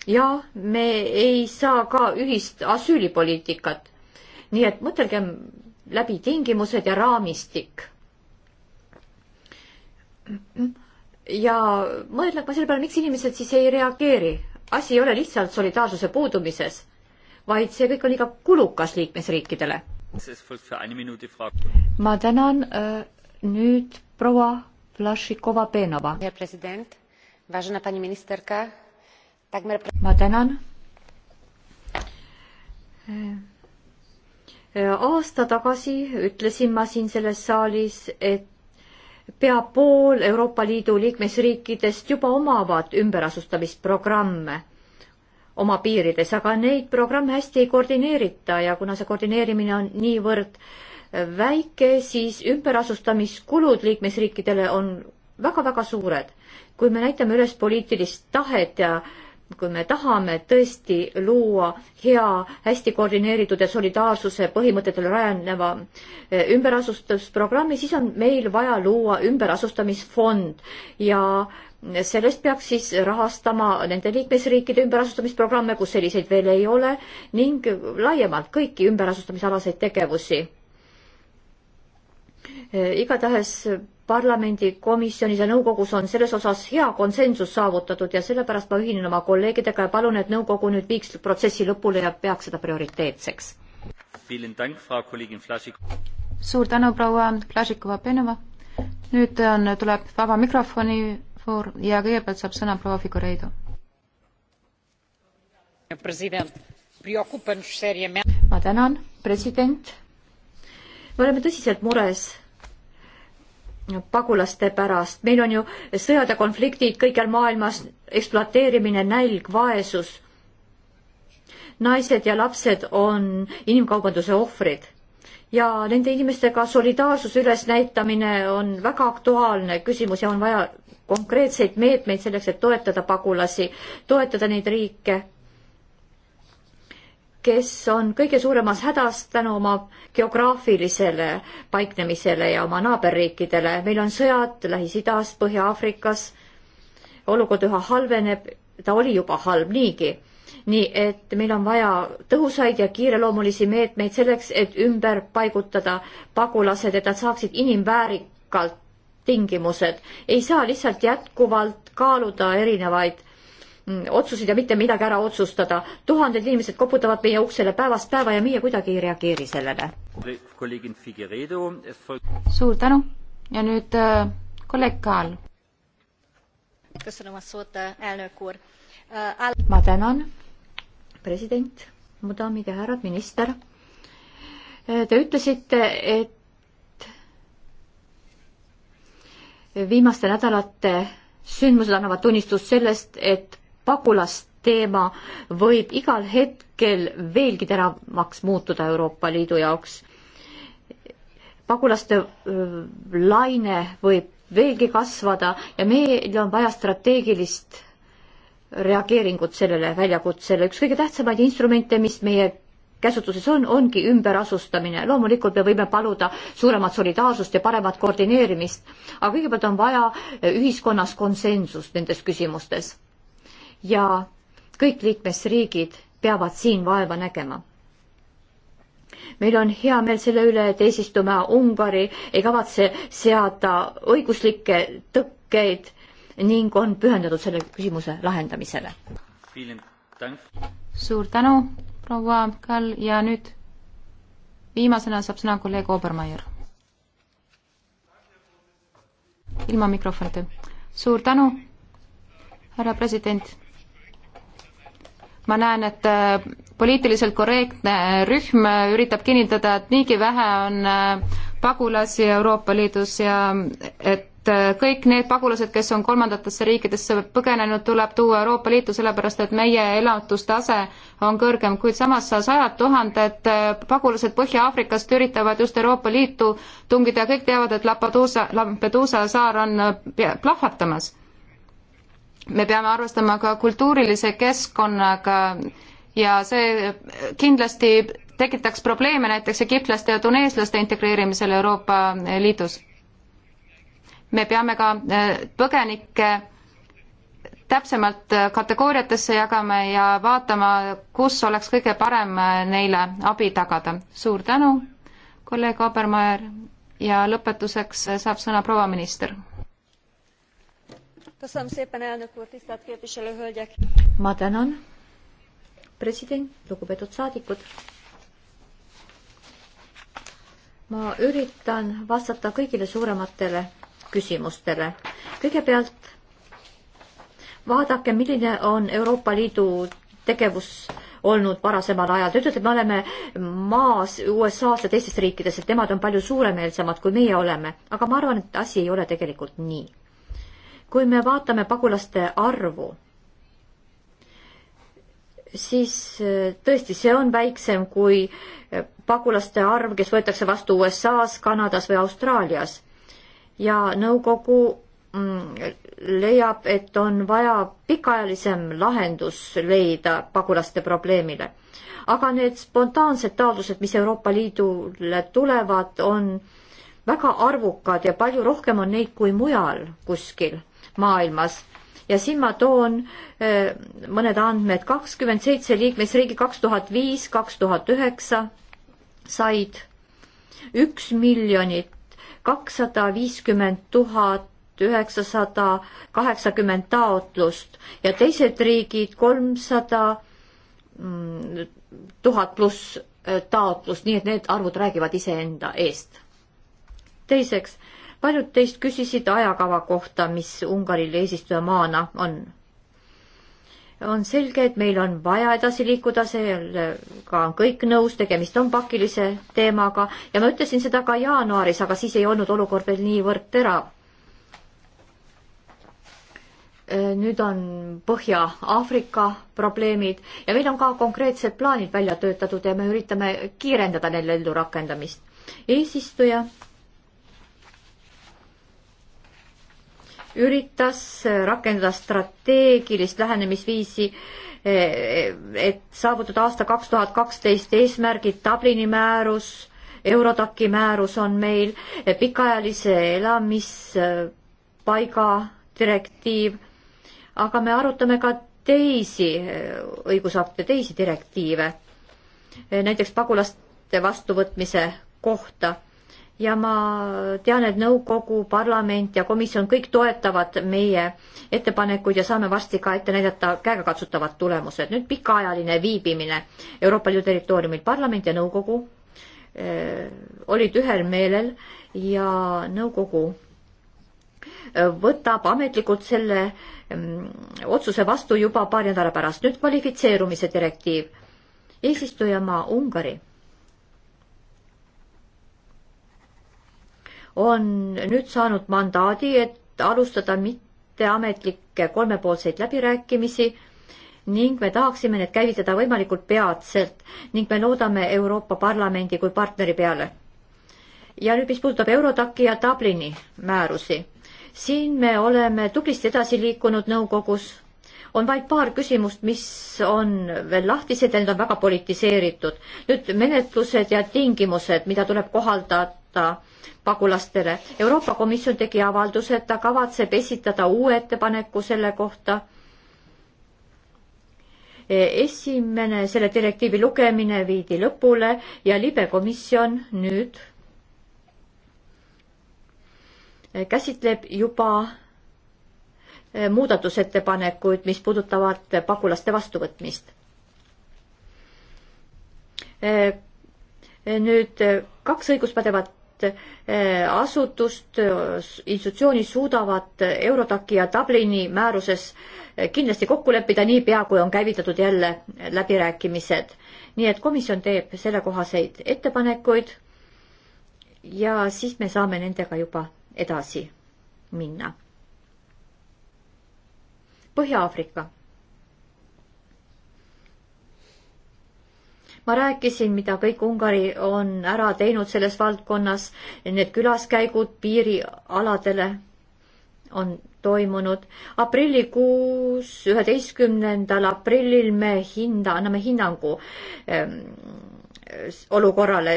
ja me ei saa ka ühist asüülipoliitikat. nii et mõtelgem läbi tingimused ja raamistik. ja mõelge ka selle peale, miks inimesed siis ei reageeri. asi ei ole lihtsalt solidaarsuse puudumises, vaid see kõik on liiga kulukas liikmesriikidele. ma tänan äh, nüüd proua Vlašikova-Penova. hea president, važena pani ministerka ma tänan. Äh, äh, aasta tagasi ütlesin ma siin selles saalis, et pea pool Euroopa Liidu liikmesriikidest juba omavad ümberasustamisprogramme oma piirides, aga neid programme hästi ei koordineerita ja kuna see koordineerimine on niivõrd väike, siis ümberasustamiskulud liikmesriikidele on väga-väga suured. kui me näitame üles poliitilist tahet ja äh, kui me tahame tõesti luua hea, hästi koordineeritud ja solidaarsuse põhimõtetele rajaneva eh, ümberasustusprogrammi, siis on meil vaja luua ümberasustamisfond ja sellest peaks siis rahastama nende liikmesriikide ümberasustamisprogramme, kus selliseid veel ei ole ning laiemalt kõiki ümberasustamisalaseid tegevusi. Eh, igatahes parlamendikomisjonis ja nõukogus on selles osas hea konsensus saavutatud ja sellepärast ma ühinen oma kolleegidega ja palun, et nõukogu nüüd viiks protsessi lõpule ja peaks seda prioriteetseks. suur tänu, proua Vlašikova-Penova. nüüd on, tuleb vaba mikrofoni voor ja kõigepealt saab sõna proua Figureido. ma tänan, president. me oleme tõsiselt mures pagulaste pärast, meil on ju sõjad ja konfliktid kõikjal maailmas, ekspluateerimine, nälg, vaesus. naised ja lapsed on inimkaubanduse ohvrid ja nende inimestega solidaarsuse ülesnäitamine on väga aktuaalne küsimus ja on vaja konkreetseid meetmeid selleks, et toetada pagulasi, toetada neid riike kes on kõige suuremas hädas tänu oma geograafilisele paiknemisele ja oma naaberriikidele. meil on sõjad Lähis-Idas, Põhja-Aafrikas, olukord üha halveneb, ta oli juba halb niigi. nii et meil on vaja tõhusaid ja kiireloomulisi meetmeid selleks, et ümber paigutada pagulased, et nad saaksid inimväärikalt tingimused. ei saa lihtsalt jätkuvalt kaaluda erinevaid Mm, otsuseid ja mitte midagi ära otsustada. tuhanded inimesed koputavad meie uksele päevast päeva ja meie kuidagi ei reageeri sellele. suur tänu ja nüüd äh, kolleeg Kaal. ma tänan, president, mu daamid ja härrad, minister. Te ütlesite, et viimaste nädalate sündmused annavad tunnistust sellest, et pagulasteema võib igal hetkel veelgi teravamaks muutuda Euroopa Liidu jaoks. pagulaste laine võib veelgi kasvada ja meil on vaja strateegilist reageeringut sellele väljakutsele. üks kõige tähtsamaid instrumente, mis meie käsutuses on, ongi ümberasustamine. loomulikult me võime paluda suuremat solidaarsust ja paremat koordineerimist, aga kõigepealt on vaja ühiskonnas konsensust nendes küsimustes ja kõik liikmesriigid peavad siin vaeva nägema. meil on hea meel selle üle, et eesistume Ungari ei kavatse seada õiguslikke tõkkeid ning on pühendatud selle küsimuse lahendamisele. suur tänu, proua Kall ja nüüd viimasena saab sõna kolleeg Obermeier. ilma mikrofonita. suur tänu, härra president ma näen, et äh, poliitiliselt korrektne äh, rühm äh, üritab kinnitada, et niigi vähe on pagulasi Euroopa Liidus ja et kõik need pagulased, kes on kolmandatesse riikidesse põgenenud, tuleb tuua Euroopa Liitu, sellepärast et meie elatustase on kõrgem, kuid samas sajad tuhanded pagulased Põhja-Aafrikast üritavad just Euroopa Liitu tungida ja kõik teavad, et Lampeduusa, Lampeduusa saar on plahvatamas me peame arvestama ka kultuurilise keskkonnaga ja see kindlasti tekitaks probleeme näiteks egiptlaste ja tuneeslaste integreerimisel Euroopa Liidus. me peame ka äh, põgenikke täpsemalt äh, kategooriatesse jagama ja vaatama, kus oleks kõige parem äh, neile abi tagada. suur tänu, kolleeg Abermaier ja lõpetuseks saab sõna proua minister ma tänan, president, lugupeetud saadikud. ma üritan vastata kõigile suurematele küsimustele. kõigepealt vaadake, milline on Euroopa Liidu tegevus olnud varasemal ajal. Te ütlete, et me oleme maas USA-s ja teistes riikides, et nemad on palju suuremeelsemad, kui meie oleme. aga ma arvan, et asi ei ole tegelikult nii kui me vaatame pagulaste arvu, siis äh, tõesti, see on väiksem kui äh, pagulaste arv, kes võetakse vastu USA-s, Kanadas või Austraalias. ja nõukogu mm, leiab, et on vaja pikaajalisem lahendus leida pagulaste probleemile. aga need spontaansed taotlused, mis Euroopa Liidule tulevad, on väga arvukad ja palju rohkem on neid kui mujal kuskil maailmas ja siin ma toon äh, mõned andmed, kakskümmend seitse liikmesriigi kaks tuhat viis, kaks tuhat üheksa said üks miljonit kakssada viiskümmend tuhat üheksasada kaheksakümmend taotlust ja teised riigid kolmsada mm, tuhat pluss äh, taotlust, nii et need arvud räägivad iseenda eest. teiseks paljud teist küsisid ajakava kohta, mis Ungaril eesistujamaana on. on selge, et meil on vaja edasi liikuda, sellega on kõik nõus, tegemist on pakilise teemaga ja ma ütlesin seda ka jaanuaris, aga siis ei olnud olukord veel niivõrd terav nüüd on Põhja-Aafrika probleemid ja meil on ka konkreetsed plaanid välja töötatud ja me üritame kiirendada nende ellurakendamist. eesistuja üritas rakendada strateegilist lähenemisviisi, et saavutada aasta kaks tuhat kaksteist eesmärgid, Dublini määrus, Eurodaki määrus on meil, pikaajalise elamispaiga direktiiv, aga me arutame ka teisi õigusakte, teisi direktiive, näiteks pagulaste vastuvõtmise kohta ja ma tean, et nõukogu, parlament ja komisjon kõik toetavad meie ettepanekuid ja saame varsti ka ette näidata käegakatsutavad tulemused. nüüd pikaajaline viibimine Euroopa Liidu territooriumil, parlament ja nõukogu eh, olid ühel meelel ja nõukogu eh, võtab ametlikult selle mm, otsuse vastu juba paari nädala pärast. nüüd kvalifitseerumise direktiiv. eesistujamaa Ungari on nüüd saanud mandaadi, et alustada mitteametlikke kolmepoolseid läbirääkimisi ning me tahaksime need käivitada võimalikult peatselt ning me loodame Euroopa Parlamendi kui partneri peale. ja nüüd, mis puudutab Eurodaki ja Dublini määrusi, siin me oleme tublisti edasi liikunud nõukogus on vaid paar küsimust, mis on veel lahtised ja need on väga politiseeritud. nüüd menetlused ja tingimused, mida tuleb kohaldada vastata pagulastele. Euroopa Komisjon tegi avalduse, et ta kavatseb esitada uue ettepaneku selle kohta. E, esimene selle direktiivi lugemine viidi lõpule ja libe komisjon nüüd käsitleb juba e, muudatusettepanekuid, mis puudutavad pagulaste vastuvõtmist e, nüüd kaks õiguspädevat tuhat eh, asutust, eh, institutsiooni suudavad Eurotaki ja Dublini määruses eh, kindlasti kokku leppida niipea, kui on käivitatud jälle läbirääkimised. nii et komisjon teeb sellekohaseid ettepanekuid ja siis me saame nendega juba edasi minna. Põhja-Aafrika ma rääkisin, mida kõik Ungari on ära teinud selles valdkonnas, need külaskäigud piirialadele on toimunud. aprillikuus, üheteistkümnendal aprillil me hinda, anname hinnangu ähm, olukorrale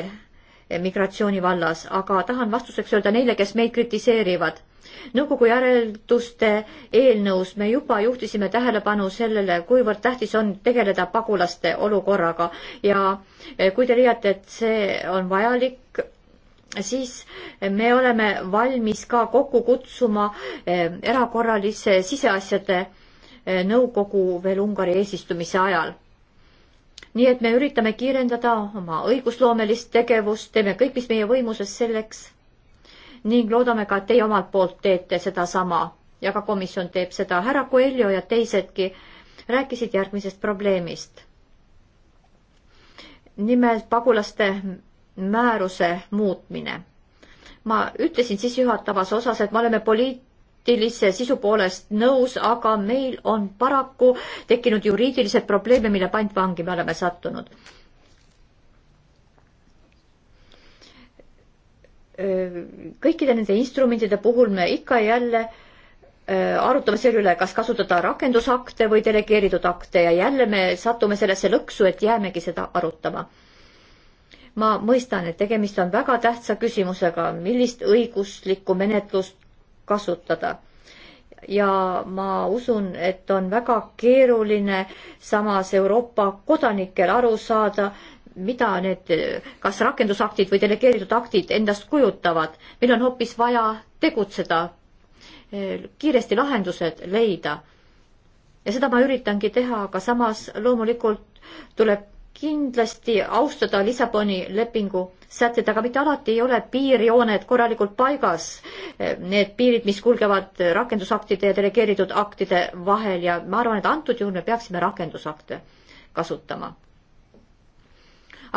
migratsiooni vallas, aga tahan vastuseks öelda neile, kes meid kritiseerivad nõukogu järelduste eelnõus me juba juhtisime tähelepanu sellele, kuivõrd tähtis on tegeleda pagulaste olukorraga ja eh, kui te leiate, et see on vajalik, siis eh, me oleme valmis ka kokku kutsuma eh, erakorralise siseasjade nõukogu veel Ungari eesistumise ajal nii et me üritame kiirendada oma õigusloomelist tegevust, teeme kõik, mis meie võimuses selleks, ning loodame ka, et teie omalt poolt teete sedasama ja ka komisjon teeb seda. härra Coelho ja teisedki rääkisid järgmisest probleemist. nimelt pagulaste määruse muutmine. ma ütlesin sissejuhatavas osas, et me oleme poliitilise sisu poolest nõus, aga meil on paraku tekkinud juriidilised probleeme, mille pantvangi me oleme sattunud kõikide nende instrumentide puhul me ikka ja jälle äh, arutame selle üle, kas kasutada rakendusakte või delegeeritud akte ja jälle me satume sellesse lõksu, et jäämegi seda arutama. ma mõistan, et tegemist on väga tähtsa küsimusega, millist õiguslikku menetlust kasutada. ja ma usun, et on väga keeruline samas Euroopa kodanikel aru saada, mida need, kas rakendusaktid või delegeeritud aktid endast kujutavad. meil on hoopis vaja tegutseda, kiiresti lahendused leida. ja seda ma üritangi teha, aga samas loomulikult tuleb kindlasti austada Lissaboni lepingu sätted, aga mitte alati ei ole piirjooned korralikult paigas. Need piirid, mis kulgevad rakendusaktide ja delegeeritud aktide vahel ja ma arvan, et antud juhul me peaksime rakendusakte kasutama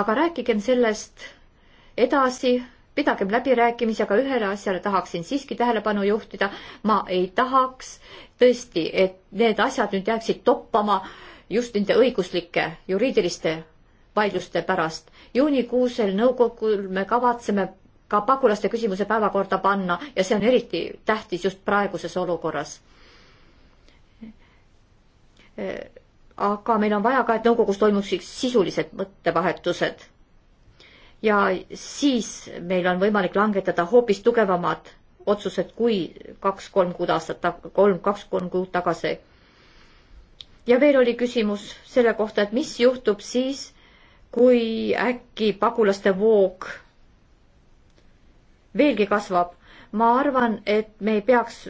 aga rääkigem sellest edasi, pidagem läbirääkimisi, aga ühele asjale tahaksin siiski tähelepanu juhtida. ma ei tahaks tõesti, et need asjad nüüd jääksid toppama just nende õiguslike juriidiliste vaidluste pärast. juunikuusel nõukogul me kavatseme ka pagulaste küsimuse päevakorda panna ja see on eriti tähtis just praeguses olukorras aga meil on vaja ka, et nõukogus toimuksid sisulised mõttevahetused. ja siis meil on võimalik langetada hoopis tugevamad otsused kui kaks-kolm kuud aastat, kolm, kaks-kolm kuud tagasi. ja veel oli küsimus selle kohta, et mis juhtub siis, kui äkki pagulaste voog veelgi kasvab. ma arvan, et me ei peaks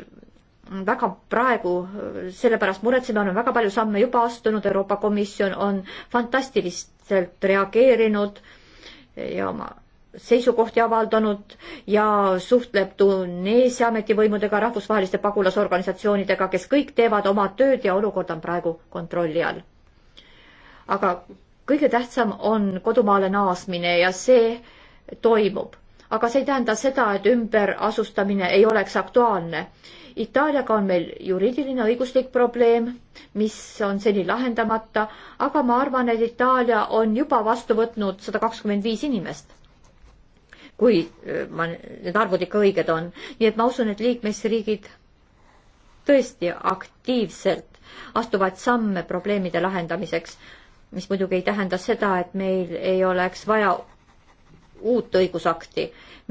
väga praegu selle pärast muretseme, oleme väga palju samme juba astunud, Euroopa Komisjon on fantastiliselt reageerinud ja oma seisukohti avaldanud ja suhtleb Tuneesia ametivõimudega, rahvusvaheliste pagulasorganisatsioonidega, kes kõik teevad oma tööd ja olukord on praegu kontrolli all. aga kõige tähtsam on kodumaale naasmine ja see toimub. aga see ei tähenda seda, et ümberasustamine ei oleks aktuaalne Itaaliaga on meil juriidiline õiguslik probleem, mis on seni lahendamata, aga ma arvan, et Itaalia on juba vastu võtnud sada kakskümmend viis inimest. kui ma, need arvud ikka õiged on, nii et ma usun, et liikmesriigid tõesti aktiivselt astuvad samme probleemide lahendamiseks, mis muidugi ei tähenda seda, et meil ei oleks vaja uut õigusakti.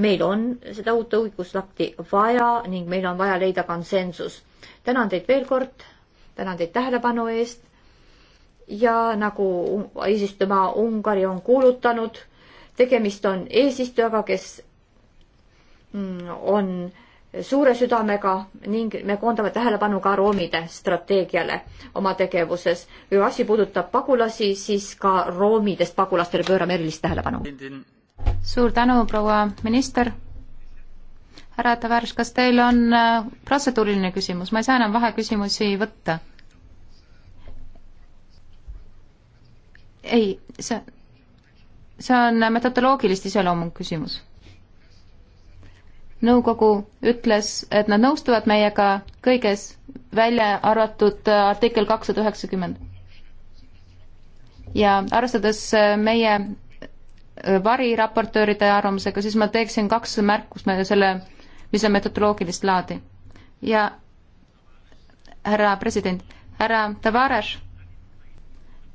meil on seda uut õigusakti vaja ning meil on vaja leida konsensus. tänan teid veel kord, tänan teid tähelepanu eest ja nagu eesistuja Ungari on kuulutanud, tegemist on eesistujaga, kes mm, on suure südamega ning me koondame tähelepanu ka roomide strateegiale oma tegevuses. kui asi puudutab pagulasi, siis ka roomidest pagulastele pöörame erilist tähelepanu suur tänu, proua minister. härra Tavares, kas teil on äh, protseduuriline küsimus, ma ei saa enam vaheküsimusi võtta. ei, see, see on metodoloogilist iseloomu küsimus. nõukogu ütles, et nad nõustuvad meiega kõiges, välja arvatud äh, artikkel kakssada üheksakümmend ja arvestades äh, meie Äh, variraportööride arvamusega, siis ma teeksin kaks märkust selle, mis on metodoloogilist laadi. ja härra president, härra Tavares,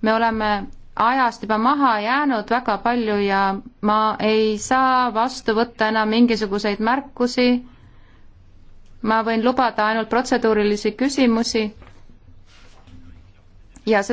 me oleme ajast juba maha jäänud väga palju ja ma ei saa vastu võtta enam mingisuguseid märkusi. ma võin lubada ainult protseduurilisi küsimusi ja seda